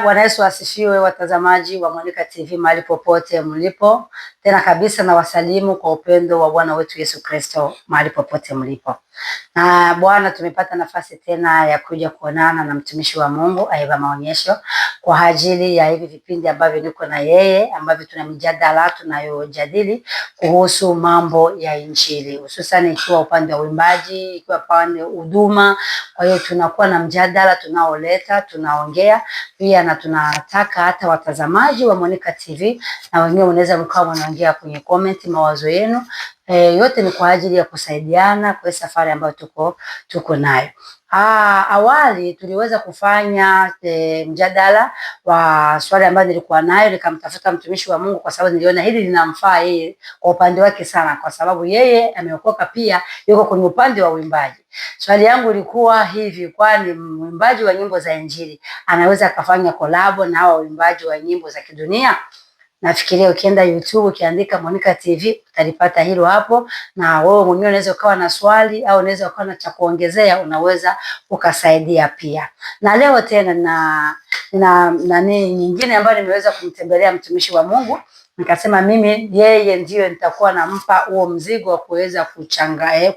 Bwana Yesu asifiwe, watazamaji wa Monica TV mahali popote mlipo, tena kabisa na wasalimu kwa upendo wa Bwana wetu Yesu Kristo mahali popote mlipo. Na Bwana, tumepata nafasi tena ya kuja kuonana na mtumishi wa Mungu Ayuba Maonyesho kwa ajili ya hivi vipindi ambavyo niko na yeye, ambavyo tuna mjadala tunayojadili kuhusu mambo ya Injili, hususan ikiwa upande wa uimbaji, ikiwa upande huduma. Kwa hiyo tunakuwa na mjadala tunaoleta, tunaongea pia, na tunataka hata watazamaji wa Monica TV na wenyewe wanaweza mkawa wanaongea kwenye comment mawazo yenu. E, yote ni kwa ajili ya kusaidiana kwa safari ambayo tuko tuko nayo. Ah, awali tuliweza kufanya e, mjadala wa swali ambayo nilikuwa nayo, nikamtafuta mtumishi wa Mungu kwa sababu niliona hili linamfaa yeye kwa upande wake sana, kwa sababu yeye ameokoka pia yuko kwenye upande wa uimbaji. Swali yangu ilikuwa hivi, kwani mwimbaji wa nyimbo za Injili anaweza akafanya kolabo na hawa waimbaji wa nyimbo za kidunia? Nafikiria ukienda YouTube ukiandika Monica TV utalipata hilo hapo, na wewe mwenyewe unaweza ukawa na swali au unaweza ukawa na cha kuongezea, unaweza ukasaidia pia. Na leo tena na na nani nyingine ambayo nimeweza kumtembelea mtumishi wa Mungu nikasema mimi yeye ndiyo nitakuwa nampa huo mzigo wa kuweza kuchanga eh,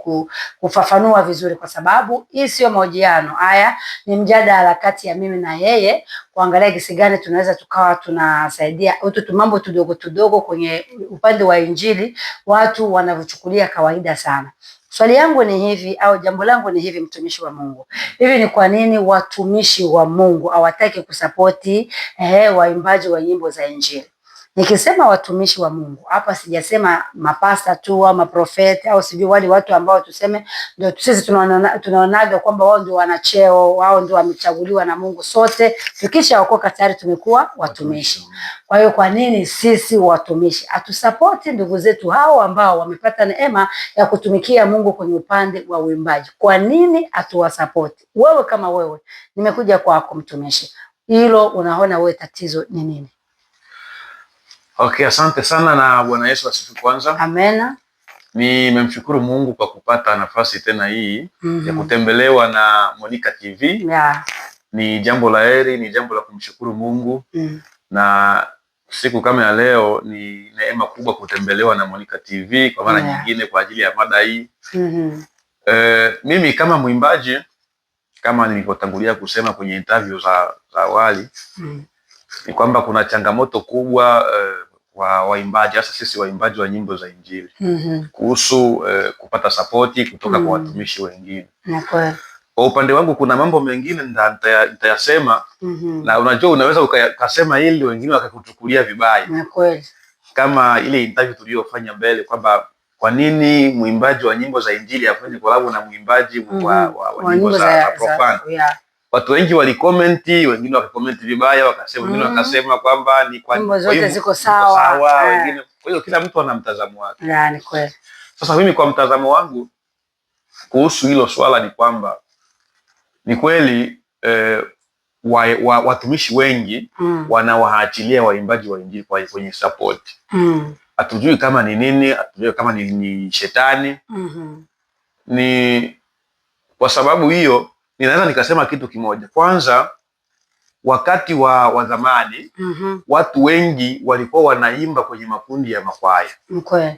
kufafanua vizuri, kwa sababu hii sio mahojiano. Haya ni mjadala kati ya mimi na yeye kuangalia kisi gani tunaweza tukawa tunasaidia utu mambo tudogo tudogo kwenye upande wa Injili watu wanavyochukulia kawaida sana. Swali yangu ni hivi au jambo langu ni hivi, mtumishi wa Mungu, hivi ni kwa nini watumishi wa Mungu hawataki kusapoti eh, waimbaji wa nyimbo za Injili? Nikisema watumishi wa Mungu hapa, sijasema mapasta tu au maprofeti au sijui wale watu ambao tuseme ndio sisi tunaonaga tunaona kwamba wao ndio wanacheo, wao ndio wamechaguliwa na Mungu. Sote tukishaokoka tayari tumekuwa watumishi. Kwa hiyo kwa nini sisi watumishi hatusapoti ndugu zetu hao ambao wamepata neema ya kutumikia Mungu kwenye upande wa uimbaji? Kwa nini hatuwasapoti? Wewe kama wewe, nimekuja kwako mtumishi, hilo unaona wewe tatizo ni nini? Okay, asante sana na Bwana Yesu asifu kwanza. Amena. Nimemshukuru Mungu kwa kupata nafasi tena hii mm -hmm. ya mhm. kutembelewa na Monica TV yeah. Ni jambo la heri, ni jambo la kumshukuru Mungu mm. na siku kama ya leo ni neema kubwa kutembelewa na Monica TV kwa mara yeah. nyingine kwa ajili ya mada hii mm -hmm. E, mimi kama mwimbaji kama nilivyotangulia kusema kwenye interview za, za awali mm. ni kwamba kuna changamoto kubwa e, wa waimbaji hasa sisi waimbaji wa nyimbo za Injili mm -hmm. kuhusu eh, kupata sapoti kutoka mm -hmm. kwa watumishi wengine Kwa upande wangu kuna mambo mengine nitayasema mm -hmm. na unajua, unaweza ukasema hili wengine wakakuchukulia vibaya kama ile interview tuliyofanya mbele kwamba kwa nini mwimbaji wa nyimbo za Injili afanye kolabo na mwimbaji mm -hmm. wa, mhm. wa, wa, wa nyimbo za, za, za profana yeah watu wengi walikomenti, wengine wakakomenti vibaya, wakasema wengine mm. wakasema kwamba ni kwa nyimbo zote ziko sawa, sawa eh. wengine. Kwa hiyo kila mtu ana mtazamo wake, na ni kweli. Sasa mimi kwa mtazamo wangu kuhusu hilo swala ni kwamba ni kweli eh, wa, wa, watumishi wengi mm. wanawaachilia waimbaji wa injili kwenye support mm. hatujui kama ni nini, hatujui kama ni, ni shetani mm -hmm. ni kwa sababu hiyo ninaweza nikasema kitu kimoja. Kwanza, wakati wa, wa zamani mm -hmm. watu wengi walikuwa wanaimba kwenye makundi ya makwaya okay.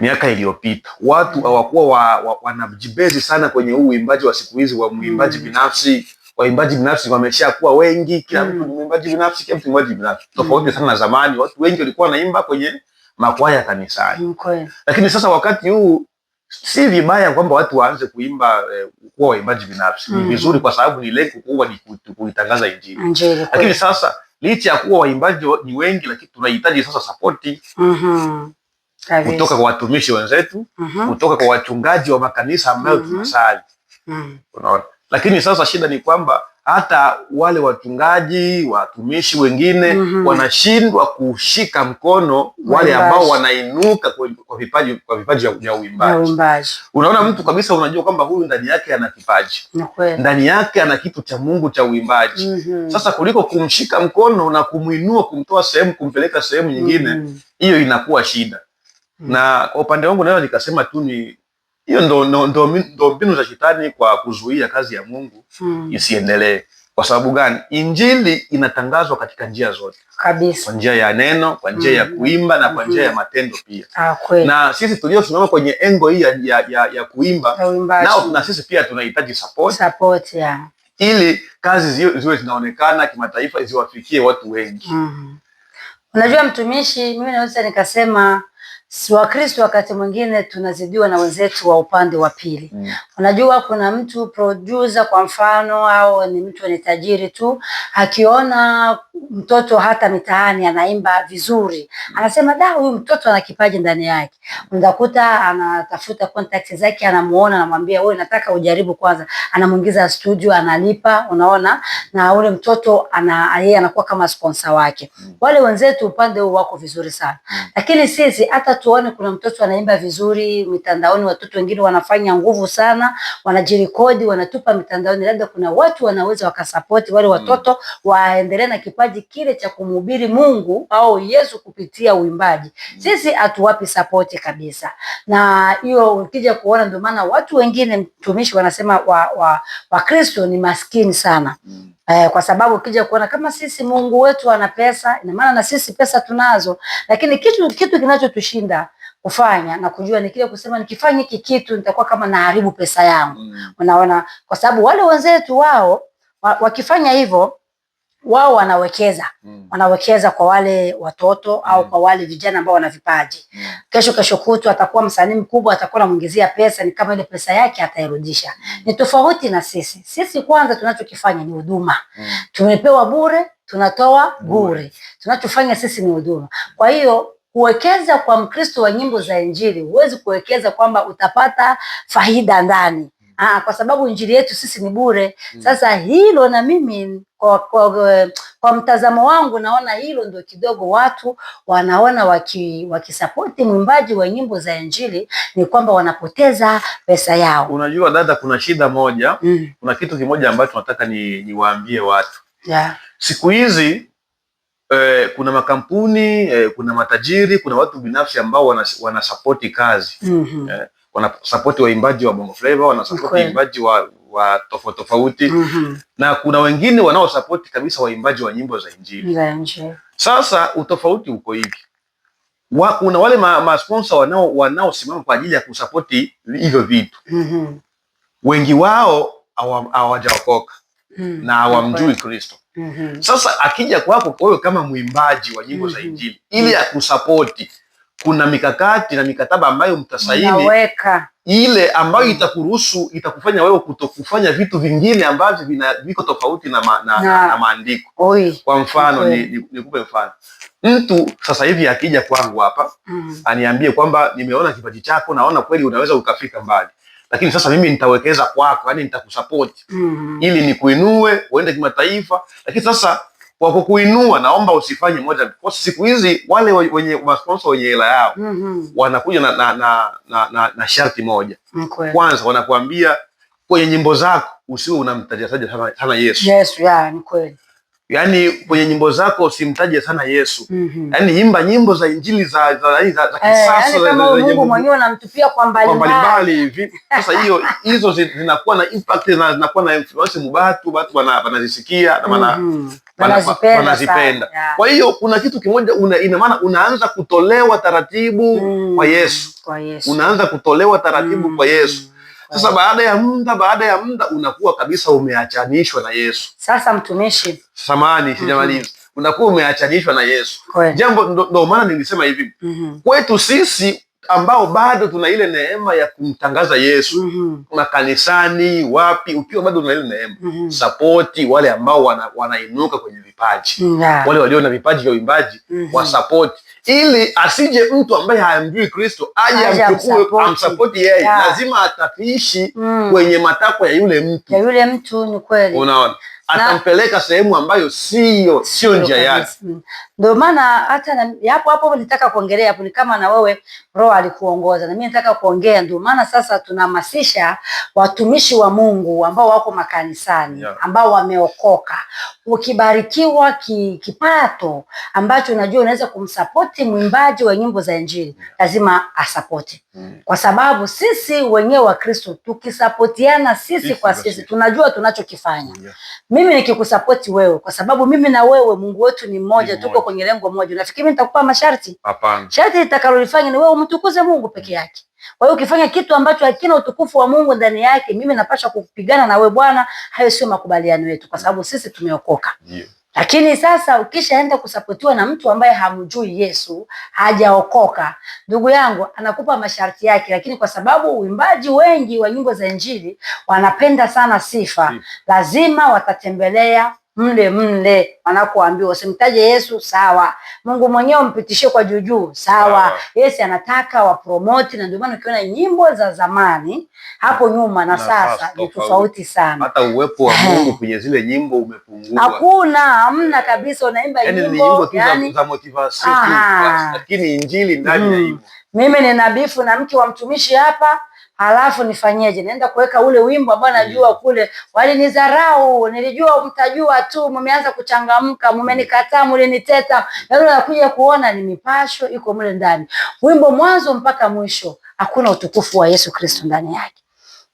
Miaka iliyopita watu hawakuwa wa, wa, wanajibezi sana kwenye huu uimbaji wa siku hizi wa mwimbaji mm. binafsi. Waimbaji binafsi wamesha kuwa wengi, kila mm. mtu mm. mwimbaji binafsi, kila mtu mwimbaji binafsi tofauti mm. sana na zamani. Watu wengi walikuwa wanaimba kwenye makwaya kanisani okay. Lakini sasa wakati huu si vibaya kwamba watu waanze kuimba eh, kuwa waimbaji binafsi mm. Ni vizuri kwa sababu ni lengo kubwa ni kuitangaza Injili, lakini sasa licha ya kuwa waimbaji ni wengi, lakini tunahitaji sasa sapoti mm -hmm. kutoka kwa watumishi wenzetu mm -hmm. kutoka kwa wachungaji wa makanisa ambayo mm -hmm. tunasali mm -hmm. Unaona, lakini sasa shida ni kwamba hata wale wachungaji watumishi wengine mm -hmm. wanashindwa kushika mkono wale ambao wanainuka kwa vipaji kwa vipaji vya uimbaji. Unaona mtu kabisa, unajua kwamba huyu ndani yake ana kipaji, ndani yake ana kitu cha Mungu cha uimbaji mm -hmm. Sasa kuliko kumshika mkono na kumwinua, kumtoa sehemu, kumpeleka sehemu nyingine, mhm. hiyo mm -hmm. inakuwa shida mm -hmm. na kwa upande wangu naweza nikasema tu ni hiyo ndo, ndo, ndo, ndo mbinu za shetani kwa kuzuia kazi ya Mungu hmm, isiendelee. Kwa sababu gani? Injili inatangazwa katika njia zote kabisa, kwa njia ya neno, kwa njia -hmm. ya kuimba na kwa njia -hmm. ya matendo pia. Ah, na sisi tuliosimama kwenye engo hii ya, ya, ya, ya kuimba nao, na sisi pia tunahitaji support. Support, yeah. ili kazi ziwe zinaonekana kimataifa ziwafikie watu wengi -hmm. Unajua mtumishi, mimi naweza nikasema si Wakristo wakati mwingine tunazidiwa na wenzetu wa upande wa pili mm. Unajua, kuna mtu producer kwa mfano, au ni mtu ni tajiri tu, akiona mtoto hata mitaani anaimba vizuri, mm. anasema da, huyu mtoto ana kipaji ndani yake. Unakuta anatafuta contact zake, anamuona, anamwambia wewe, nataka ujaribu kwanza, anamuingiza studio, analipa, unaona, na ule mtoto ana yeye anakuwa kama sponsor wake. Mm. Wale wenzetu upande huu wako vizuri sana, mm. lakini sisi hata tuone kuna mtoto anaimba vizuri mitandaoni. Watoto wengine wanafanya nguvu sana, wanajirekodi wanatupa mitandaoni, labda kuna watu wanaweza wakasapoti wale hmm. watoto mm. waendelee na kipaji kile cha kumhubiri Mungu au Yesu kupitia uimbaji mm. sisi hatuwapi sapoti kabisa, na hiyo ukija kuona, ndio maana watu wengine mtumishi wanasema wa Wakristo wa ni maskini sana mm. Eh, kwa sababu ukija kuona kama sisi Mungu wetu ana pesa, ina maana na sisi pesa tunazo, lakini kitu kitu kinachotushinda kufanya na kujua ni kile kusema nikifanya hiki kitu nitakuwa kama naharibu pesa yangu. Mm. Unaona, kwa sababu wale wenzetu wao wakifanya hivyo wao wanawekeza mm. wanawekeza kwa wale watoto au mm. kwa wale vijana ambao wana vipaji mm. kesho kesho kutu atakuwa msanii mkubwa, atakuwa anamuingizia pesa, ni kama ile pesa yake atairudisha. Mm. Ni tofauti na sisi. Sisi kwanza tunachokifanya ni huduma mm. tumepewa bure, tunatoa bure mm. tunachofanya sisi ni huduma. Kwa hiyo kuwekeza kwa Mkristo wa nyimbo za Injili, huwezi kuwekeza kwamba utapata faida ndani Ah, kwa sababu injili yetu sisi ni bure. Hmm. Sasa hilo na mimi kwa, kwa, kwa mtazamo wangu naona hilo ndio kidogo watu wanaona wakisapoti waki mwimbaji wa nyimbo za injili ni kwamba wanapoteza pesa yao. Unajua dada, kuna shida moja mm. kuna kitu kimoja ambacho nataka niwaambie ni watu yeah. siku hizi Eh, kuna makampuni eh, kuna matajiri, kuna watu binafsi ambao wanasapoti wana kazi mm -hmm. eh, wanasapoti waimbaji wa bongo flava, wanasapoti waimbaji wa, wa tofauti tofauti mm -hmm. na kuna wengine wanaosapoti kabisa waimbaji wa nyimbo za injili. Sasa utofauti uko hivi wa, kuna wale ma, ma wanaosimama kwa ajili ya kusapoti hivyo vitu mm -hmm. wengi wao hawajaokoka mm, na hawamjui Kristo mm -hmm. Sasa akija kwako kwa hiyo kama mwimbaji wa nyimbo mm -hmm. za mhm. injili ili mm. akusapoti kuna mikakati na mikataba ambayo mtasaini Mnaweka. ile ambayo itakuruhusu itakufanya wewe kutokufanya vitu vingine ambavyo viko tofauti na, ma, na, na, na maandiko. Kwa mfano nikupe ni, ni mfano mtu sasa hivi akija kwangu hapa mm. aniambie kwamba nimeona kipaji chako, naona kweli unaweza ukafika mbali, lakini sasa mimi nitawekeza kwako, yani nitakusapoti mm. ili nikuinue uende kimataifa, lakini sasa kwa kukuinua. Naomba usifanye moja siku hizi, wale wenye masponsa wenye hela yao mm -hmm. wanakuja na, na, na, na, na, na sharti moja okay. Kwanza wanakuambia kwenye nyimbo zako usiwe unamtaja sana, sana Yesu, Yes, yeah, ni kweli Yaani kwenye nyimbo zako usimtaje sana Yesu. mm -hmm. Yaani imba nyimbo za injili za, za, za, za eh, yaani kisasa Mungu mwenyewe anamtupia kwa mbalimbali hivi. Sasa hiyo hizo zinakuwa na impact na zinakuwa na influence mubatu, watu wanazisikia na maana mm-hmm wanazipenda. Kwa hiyo kuna kitu kimoja una, ina maana unaanza kutolewa taratibu mm, kwa Yesu, kwa Yesu unaanza kutolewa taratibu mm, kwa Yesu sasa baada ya muda baada ya muda unakuwa kabisa umeachanishwa na Yesu. Sasa mtumishi, samani mm-hmm. sijamaliza. mm -hmm. Unakuwa umeachanishwa na Yesu. Jambo ndo maana nilisema hivi mm -hmm. kwetu sisi ambao bado tuna ile neema ya kumtangaza Yesu mm -hmm. makanisani, wapi, ukiwa bado tuna ile neema mm -hmm. sapoti wale ambao wanainuka wana kwenye vipaji yeah. wale walio na vipaji vya uimbaji mm -hmm. wasapoti ili asije mtu ambaye hayamjui Kristo aje amchukue amsapoti yeye yeah. lazima atafishi mm. kwenye matakwa ya yule mtu, ya yule mtu ni kweli, unaona atampeleka sehemu ambayo sio sio njia yake. Ndio maana hata hapo hapo nitaka kuongelea hapo, ni kama na wewe Roho alikuongoza na mimi nataka kuongea. Ndio maana sasa tunahamasisha watumishi wa Mungu ambao wako makanisani yeah, ambao wameokoka, ukibarikiwa ki, kipato ambacho unajua unaweza kumsapoti mwimbaji wa nyimbo za Injili lazima asapoti mm, kwa sababu sisi wenyewe wa Kristo tukisapotiana sisi, sisi kwa sisi tunajua tunachokifanya yeah mimi nikikusapoti wewe, kwa sababu mimi na wewe Mungu wetu ni mmoja, tuko kwenye lengo moja. Unafikiri mimi nitakupa masharti? Hapana. Sharti litakalolifanya ni wewe umtukuze Mungu peke mm. yake. Kwa hiyo ukifanya kitu ambacho hakina utukufu wa Mungu ndani yake, mimi napasha kupigana na wewe, Bwana. Hayo sio makubaliano yetu, kwa sababu sisi tumeokoka. Yeah. Lakini sasa ukishaenda kusapotiwa na mtu ambaye hamjui Yesu, hajaokoka, ndugu yangu, anakupa masharti yake. Lakini kwa sababu uimbaji wengi wa nyimbo za injili wanapenda sana sifa, mm. lazima watatembelea mle mle wanakoambiwa. Usimtaje Yesu sawa, Mungu mwenyewe mpitishie kwa juujuu sawa. Yesu anataka wa promote, na ndio maana ukiona nyimbo za zamani hapo nyuma na, na sasa ni tofauti sana. Hata uwepo wa Mungu kwenye zile nyimbo umepungua, hakuna hamna kabisa, unaimba yani nyimbo yani za motivation, lakini injili ndani ya hiyo. Mm. Mimi nina bifu na mke wa mtumishi hapa alafu nifanyeje? Naenda kuweka ule wimbo ambao mm. najua kule, walinidharau, nilijua mtajua tu, mmeanza kuchangamka, mmenikataa, mliniteta, na leo nakuja kuona ni mipasho iko mle ndani. Wimbo mwanzo mpaka mwisho, hakuna utukufu wa Yesu Kristo ndani yake.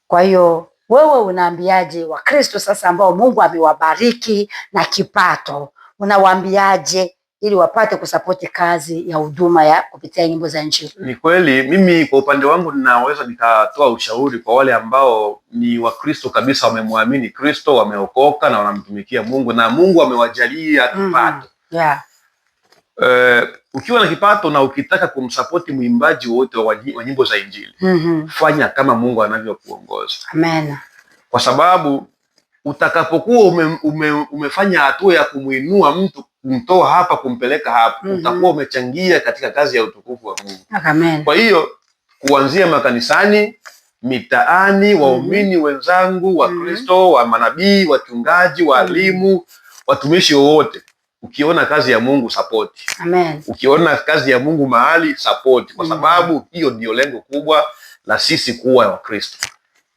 Kwa hiyo wewe unaambiaje Wakristo sasa ambao Mungu amewabariki na kipato, unawaambiaje? ili wapate kusapoti kazi ya huduma ya kupitia nyimbo za Injili. Ni kweli, mimi kwa upande wangu ninaweza nikatoa ushauri kwa wale ambao ni Wakristo kabisa, wamemwamini Kristo, wameokoka na wanamtumikia Mungu na Mungu amewajalia mm-hmm. kipato. Yeah. Uh, ukiwa na kipato na ukitaka kumsapoti mwimbaji wote wa nyimbo za Injili mm -hmm. Fanya kama Mungu anavyokuongoza. Amen. Kwa sababu utakapokuwa ume, ume, umefanya hatua ya kumwinua mtu kumtoa hapa kumpeleka hapa mm -hmm. utakuwa umechangia katika kazi ya utukufu wa Mungu. Amen. Kwa hiyo kuanzia makanisani, mitaani, mhm. waumini mm -hmm. wenzangu wa mhm. Kristo mm -hmm. wa manabii, wachungaji, mhm. waalimu mm -hmm. watumishi wowote Ukiona kazi ya Mungu sapoti. Amen. Ukiona kazi ya Mungu mahali sapoti, kwa sababu mm. hiyo ndio lengo kubwa la sisi kuwa Wakristo,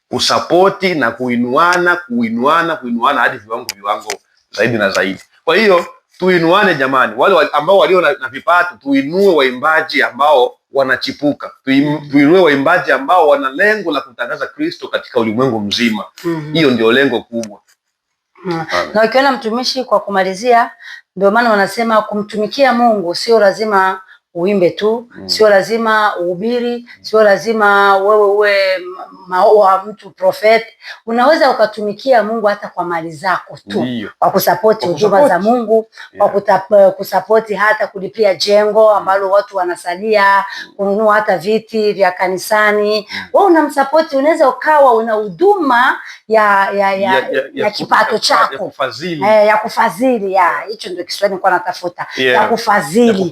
kusapoti na kuinuana, kuinuana, kuinuana hadi viwango viwango zaidi na zaidi. Kwa hiyo Tuinuane jamani, wale ambao walio na, na vipato tuinue waimbaji ambao wanachipuka, mm. tuinue waimbaji ambao wana lengo la kutangaza Kristo katika ulimwengu mzima. Mm-hmm. Hiyo -hmm. ndio lengo kubwa mm. na ukiona mtumishi, kwa kumalizia, ndio maana wanasema kumtumikia Mungu sio lazima uimbe tu mm. Sio lazima uhubiri, sio lazima wewe uwe maoa mtu profeti. Unaweza ukatumikia Mungu hata kwa mali zako tu, kwa kusapoti huduma za Mungu yeah. Kwa eh, kusapoti hata kulipia jengo ambalo watu wanasalia, mm. kununua hata viti vya kanisani mm. Wewe unamsapoti, unaweza ukawa una huduma ya, ya, ya, ya, ya, ya kipato chako eh, ya kufadhili, hicho ndio Kiswahili nilikuwa natafuta, yeah. ya kufadhili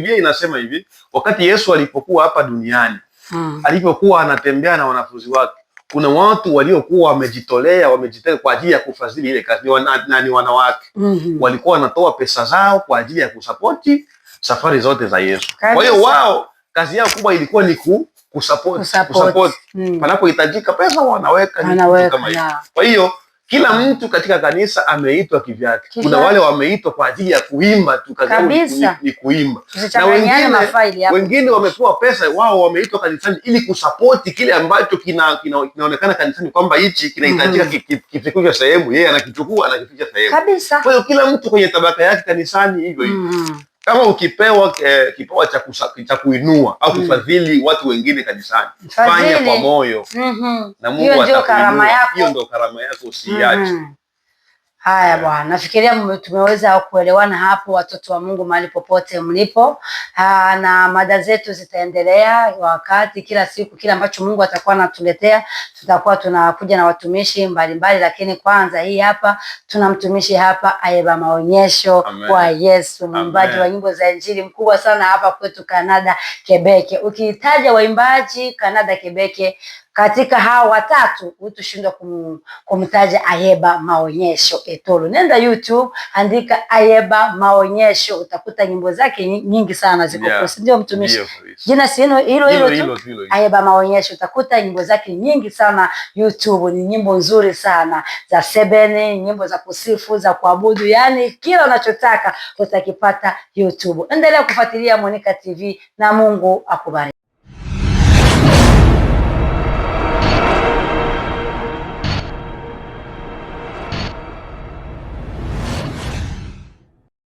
Biblia inasema hivi, wakati Yesu alipokuwa hapa duniani hmm. alipokuwa anatembea na wanafunzi wake kuna watu waliokuwa wamejitolea wamejitenga kwa ajili ya kufadhili ile kazi ni wanawake mm -hmm. walikuwa wanatoa pesa zao kwa ajili ya kusapoti safari zote za Yesu. Kwa hiyo wao kazi yao kubwa ilikuwa ni ku, kusapoti, kusapoti. kusapoti. Mm. panapohitajika pesa wanaweka, wanaweka kama hiyo. Kwa hiyo kila mtu katika kanisa ameitwa kivyake. Kuna wale wameitwa kwa ajili ya kuimba tu, kazi yao ni kuimba, na wengine wengine wamepewa pesa, wao wameitwa kanisani ili kusapoti kile ambacho kina, kina, kinaonekana kanisani kwamba hichi kinahitajika mm mm-hmm. -hmm. kifikishwe sehemu, yeye anakichukua anakifikisha sehemu. Kwa hiyo kila mtu kwenye tabaka yake kanisani hivyo hivyo mm -hmm kama ukipewa eh, kipawa cha kuinua au mm. kufadhili mm. watu wengine kanisani, fanya kwa moyo mm -hmm. na Mungu atakuinua. Hiyo ndio karama yako, usiache. Mm. Haya bwana, nafikiria tumeweza kuelewana hapo, watoto wa Mungu mahali popote mlipo. na mada zetu zitaendelea wakati kila siku, kila ambacho Mungu atakuwa anatuletea, tutakuwa tunakuja na watumishi mbalimbali mbali, lakini kwanza hii hapa tuna mtumishi hapa Ayeba Maonyesho kwa Yesu, mwimbaji wa nyimbo za injili mkubwa sana hapa kwetu Kanada Kebeke. Ukitaja waimbaji Kanada Kebeke katika hawa watatu hutushindwa kum, kumtaja Ayeba Maonyesho Etolo. Nenda YouTube andika Ayeba Maonyesho, utakuta nyimbo zake nyingi sana ziko yeah. Ndio mtumishi yeah, jina si hilo hilo tu Ayeba Maonyesho, utakuta nyimbo zake nyingi sana YouTube. Ni nyimbo nzuri sana za sebene, nyimbo za kusifu, za kuabudu, yani kila unachotaka utakipata YouTube. Endelea kufuatilia Monica TV na Mungu akubariki.